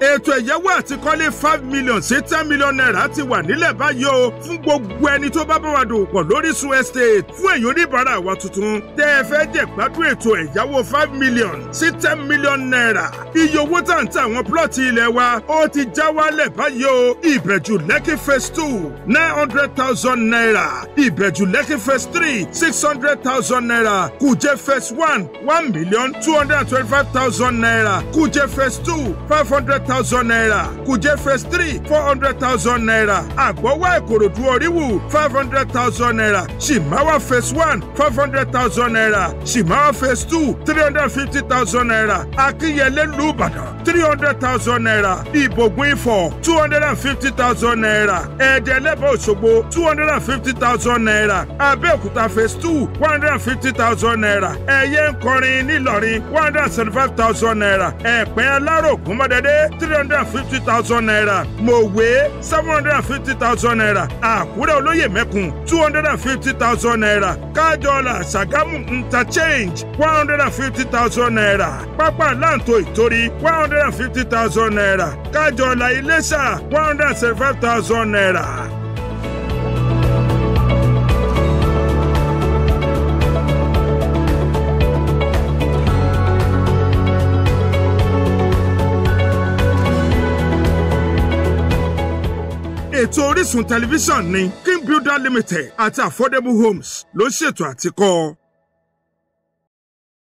ètò ẹ̀yẹ́wò àti kọ́lé five million sí ten million naira ti wà nílẹ̀ báyìí o fún gbogbo ẹni tó bá bá wa dòwò pọ̀ lórísun estate fún èyí oníbàárà wa tuntun tẹ́ ẹ fẹ́ jẹ́ gbádùn ètò ẹ̀yáwó five million sí ten million naira iye owó tá à ń ta àwọn plọ́ọ̀tì ilẹ̀ wa ó ti já wálẹ̀ báyìí o ìbẹ̀jù lẹ́kì phase two nine hundred thousand naira ìbẹ̀jù lẹ́kì phase three six hundred thousand naira kùjẹ́ phase one one million two hundred and twenty-five thousand naira kùjẹ́ phase two five hundred thousand naira kùjẹ́ phase three four hundred thousand naira àgbọ̀wá ìkòròdú oríwù five hundred thousand naira ṣìmáwá phase one five hundred thousand naira ṣìmáwá phase two three hundred fifty thousand naira akínyẹlé lùbàdàn three hundred thousand naira ìbògùn ifọ̀ two hundred and fifty thousand naira ẹ̀ẹ́dẹ̀ lẹ́bàá òṣogbo two hundred and fifty thousand naira abẹ́òkúta phase two one hundred and fifty thousand naira ẹ̀yẹ ńkọrin nílọrin one hundred and seventy five thousand naira ẹ̀pẹ́ aláró ògúnmọ́dẹ́dẹ́ three hundred and fifty thousand naira mòwe seven hundred and fifty thousand naira àkúrẹ́ olóyè mẹ́kun two hundred and fifty thousand naira kájọlá ṣàgámù interchange one hundred and fifty thousand naira pápá láǹtó ìtorí one hundred hundred and fifty thousand naira kájọlà iléṣà one hundred and seventy five thousand naira. ètò Orísun tẹlifíṣàn ní King Builder Limited àti Affordable Homes ló ń ṣètò àtikọ́.